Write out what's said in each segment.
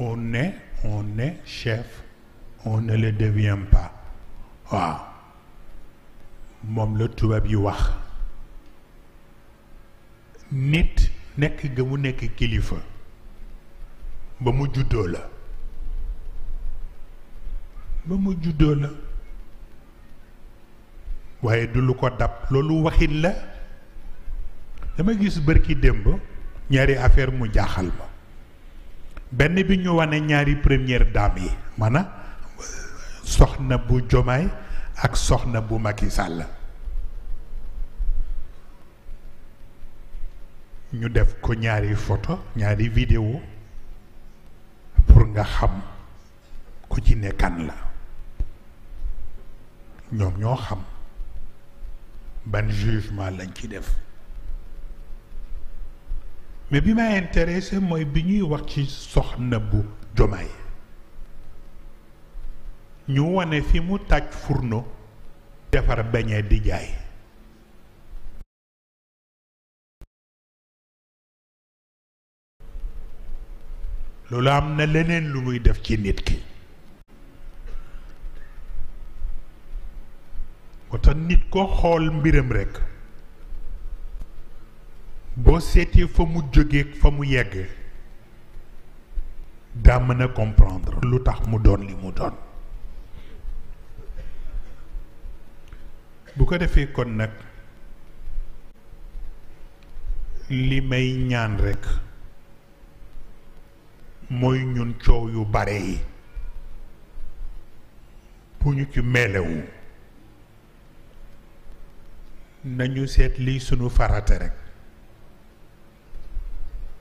on est on est chef on le devient pas waaw moom la tubaab yi wax nit nekk ga mu nekk kilifa ba mu juddoo la ba mu juddoo la waaye du ko dab loolu waxit la dama gis bërki démb ñaari affaire mu jaaxal ma benn bi ñu wane ñaari première dame yi maanaam soxna bu Jomaay ak soxna bu Macky Sall ñu def ko ñaari foto ñaari vidéo pour nga xam ku ci ne kan la ñoom ñoo xam ban jugement lañ ci def mais bi ma intéressé mooy bi ñuy wax ci soxna bu Jomaay ñu wane fi mu tàj furno defar beñe di jaay loolu am na leneen lu muy def ci nit ki moo nit ko xool mbiram rekk boo seetee fa mu jógee fa mu yegg daa na comprendre lu tax mu doon li mu doon bu ko defee kon nag li may ñaan rekk mooy ñun coow yu bare yi bu ñu ci meelewu nañu seet lii sunu farate rekk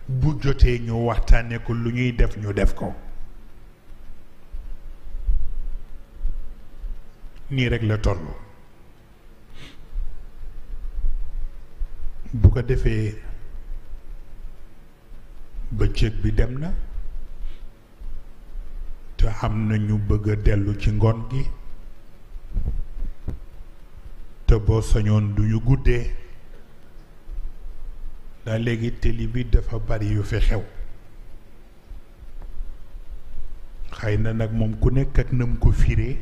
bu jotee ñu waxtaane ko lu ñuy def ñu def ko nii rek la tollu bu ko defee bëccëg bi dem na te am na ñu bëgg a dellu ci ngoon gi te boo sañoon du ñu guddee ndax léegi télé bi dafa bari yu fi xew xëy na nag moom ku nekk ak nam ko firee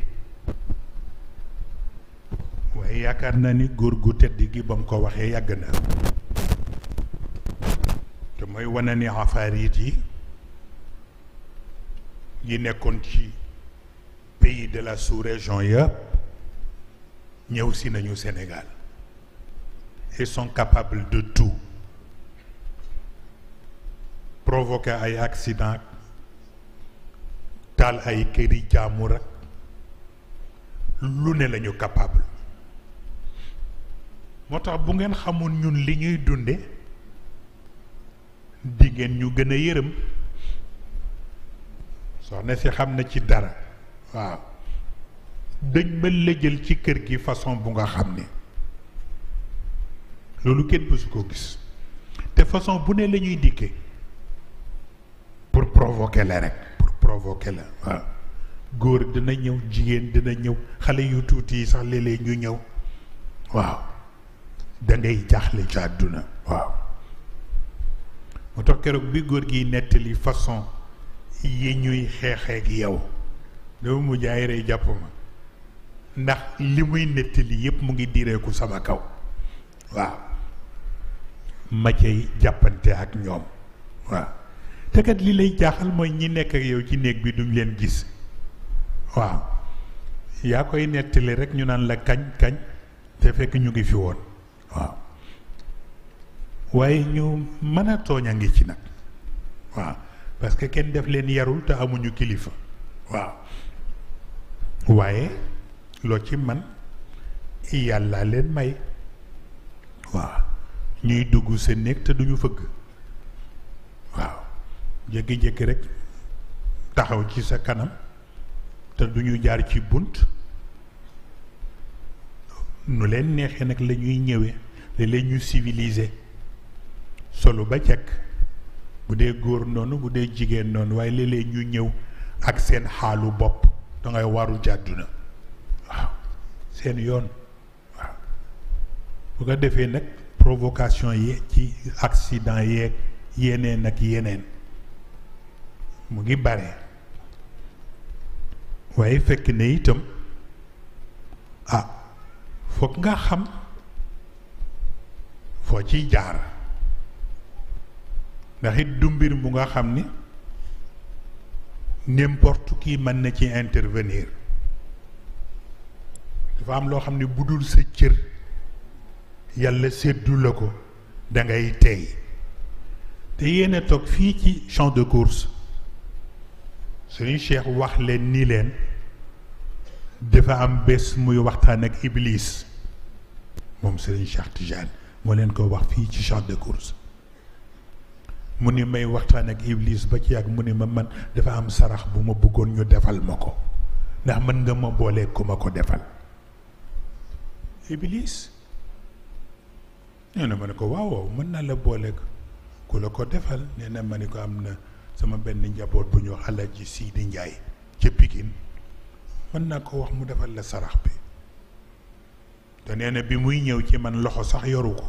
waaye yaakaar naa ni góor gu tedd gi ba mu ko waxee yàgg na te mooy wane ni afaarit yi yi nekkoon ci pays de la sous-région yëpp ñëw si nañu Sénégal ils sont capables de tout provoqué ay accident taal ay këri jaamur ak lu ne lañu capable moo tax bu ngeen xamoon ñun li ñuy dunde di ñu gën a yërëm soxne si xam na ci dara waaw dañ ma lëjal ci kër gi façon bu nga xam ne loolu kenn bësu ko gis te façon bu ne lañuy dikke provoquer la rek pour provoquer la waaw góor dina ñëw jigéen dina ñëw xale yu tuuti yi sax léeg ñu ñëw waaw da ngay jaaxle ci àdduna waaw moo tax bi góor gi nettali façon yi ñuy xeexeek yow dama mu jaay rey jàpp ma ndax li muy nettali yépp mu ngi direeku sama kaw waaw ma jàppante ak ñoom waaw te kat lay jaaxal mooy ñi nekk ak yow ci néeg bi duñ leen gis waaw yaa koy nettali rek ñu naan la kañ kañ te fekk ñu ngi fi woon waaw waaye ñu mën a tooñ a ngi ci nag waaw parce que kenn def leen yarul te amuñu kilifa waaw waaye loo ci man yàlla leen may waaw ñuy dugg sa néeg te duñu fëgg waaw jékki-jékki rek taxaw ci sa kanam te du ñu jaar ci bunt nu leen neexee nag lañuy ñëwee léeg-léeg ñu civilisé solo ba cekk bu dee góor noonu bu dee jigéen noonu waaye léeg ñu ñëw ak seen xaalu bopp dangay waru jàdduna waaw seen yoon waaw bu ko defee nag provocation yi ci accident yeeg yeneen ak yeneen mu ngi bare waaye fekk na itam ah foog nga xam foo ciy jaar ndax it du mbir mu nga xam ni n'importe qui mën na ci intervenir dafa am loo xam ne bu dul sa cër yàlla seddu la ko da ngay tey te yéen toog fii ci champ de course suñu cheikh wax leen nii leen dafa am bés muy waxtaan ak iblis moom Serigne Cheikh Tidiane moo leen ko wax fii ci champ de course mu ni may waxtaan ak iblis ba ci yàgg mu ni ma man dafa am sarax bu ma bëggoon ñu defal ma ko ndax mën nga ma boolee ku ma ko defal iblis nee ma ne ko waaw waaw mën naa la booleeg ku la ko defal nee na ma ne ko am na sama benn njaboot bu ñu ji Sidi Njaay ca Pikine mën naa ko wax mu defal la sarax bi te nee na bi muy ñëw ci man loxo sax yoru ko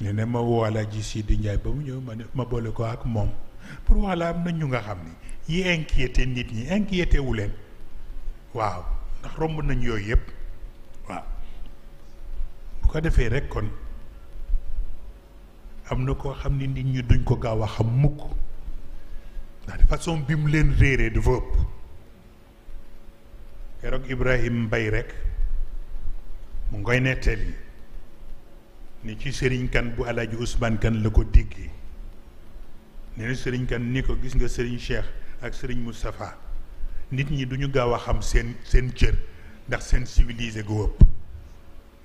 nee na ma woo Alaaji Sidi Njaay ba mu ñëw ma ne ma boole ko ak moom pour wax la am na ñu nga xam ni yi inquiété nit ñi inquiété wu leen waaw ndax romb nañu yooyu yëpp waaw bu ko defee rek kon am na koo xam ne nit ñi duñ ko gaaw a xam mukk ndax de façon bi mu leen réeree dafa ëpp keroog Ibrahim Mbay rek mu ngoy nettali ni ci sëriñ kan bu alaaji Ousmane kan la ko diggi nee na sëriñ kan ni ko gis nga sëriñ Cheikh ak sëriñ Moustapha nit ñi duñu gaaw a xam seen seen cër ndax seen civilisé gu ëpp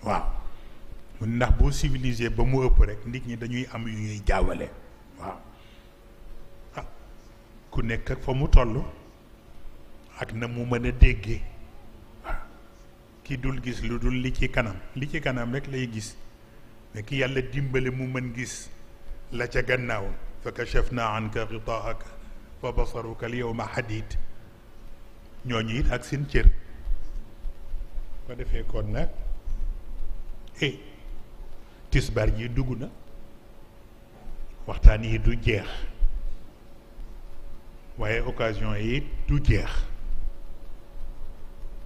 waaw ndax bu civilisé ba mu ëpp rek nit ñi dañuy am yu ñuy jaawale waaw ah, ku nekk fa mu toll ak na mu mën a déggee ah, ki dul gis lu dul li ci kanam li ci kanam rekk lay gis mais ki yàlla dimbale mu mën gis la ca gannaaw fa kachafna anka xitaahaka fa basaruka al yawma hadid ñooñu it ak seen cër ko defee kon nag eh tisbaar yi dugg na waxtaan yi du jeex waaye occasion yi du jeex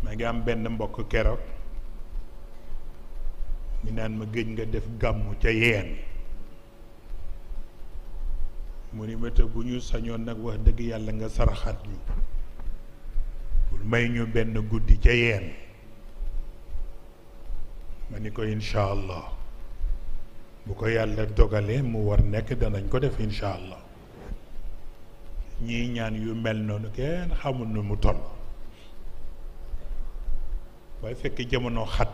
ma ngi am benn mbokk keroog mi naan ma géej nga def gàmmu ca yeen mu ni ma te bu ñu sañoon nag wax dëgg yàlla nga saraxat ñu pour may ñu benn guddi ca yeen ma ni ko incha allah bu ko yàlla dogalee mu war nekk danañ ko def incha allah ñiy ñaan yu mel noonu kenn xamul nu mu toll waaye fekk jamono xat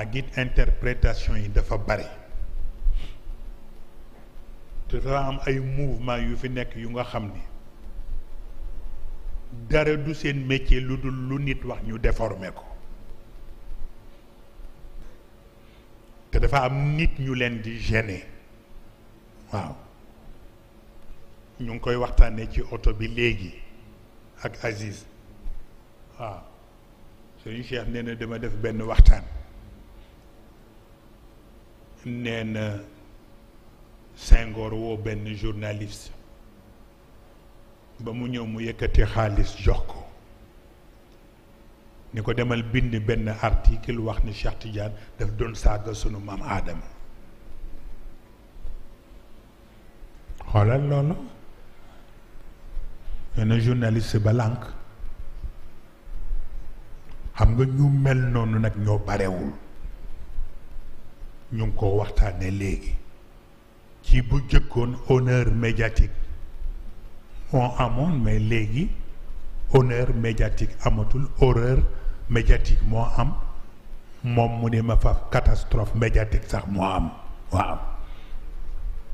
ak it interprétation yi dafa bari te dafa ay mouvement yu fi nekk yu nga xam ni dara du seen métier lu dul lu nit wax ñu déformer ko te dafa am nit ñu leen di gêner waaw ñu ngi koy waxtaanee ci oto bi léegi ak Aziz waaw Serigne Cheikh nee na dama def benn waxtaan nee na woo benn journaliste ba mu ñëw mu yëkkati xaalis jox ko ni ko demal bind benn article wax ni Cheikh Tidiane daf doon saaga sunu maam aadama xoolal loolu benn journaliste ba xam nga ñu mel noonu nag ñoo barewul ñu ngi ko waxtaane léegi ci bu jëkkoon honneur médiatique moo amoon mais léegi honneur médiatique amatul horreur médiatique moo am moom mu ni ma fa catastrophe médiatique sax moo am waaw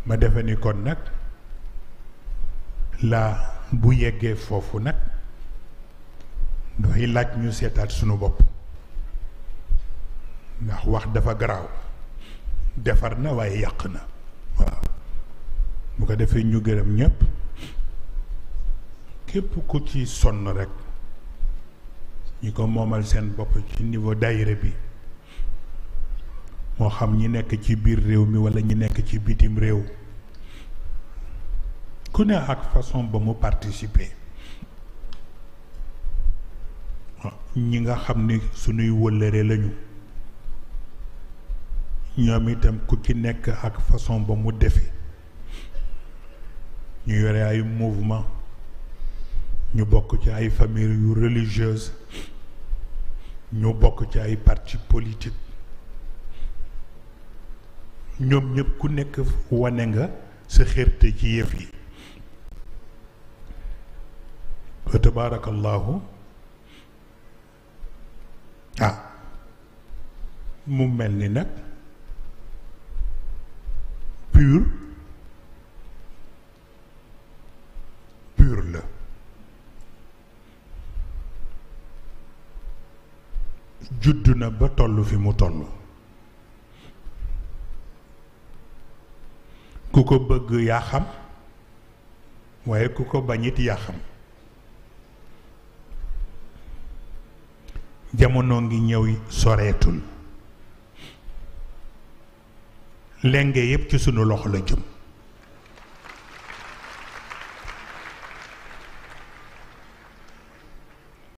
ma defe nag la bu yeggee foofu nag dafay laaj ñu seetaat sunu bopp ndax wax dafa garaaw defar na waaye yàq na waaw bu ko defee ñu gërëm ñépp képp ku ci sonn rekk ñi ko moomal seen bopp ci niveau daayira bi moo xam ñi nekk ci biir réew mi walla ñi nekk ci bitim réew ku ne ak façon ba mu participer ñi nga xam ni suñuy wëllëre lañu ñoom itam ku ci nekk ak façon ba mu defe ñu yore ay mouvement ñu bokk ci ay famille yu religieuse ñu bokk ci ay parti politique ñoom ñépp ku nekk wane nga sa xérte ci yëf yi fa tabaarakallaahu ah mu mel ni nag pur judd na ba tollu fi mu toll ku ko bëgg yaa xam waaye ku ko bañit yaa xam jamono ngi ñëw soreetul lenge yépp ci sunu loxo la jëm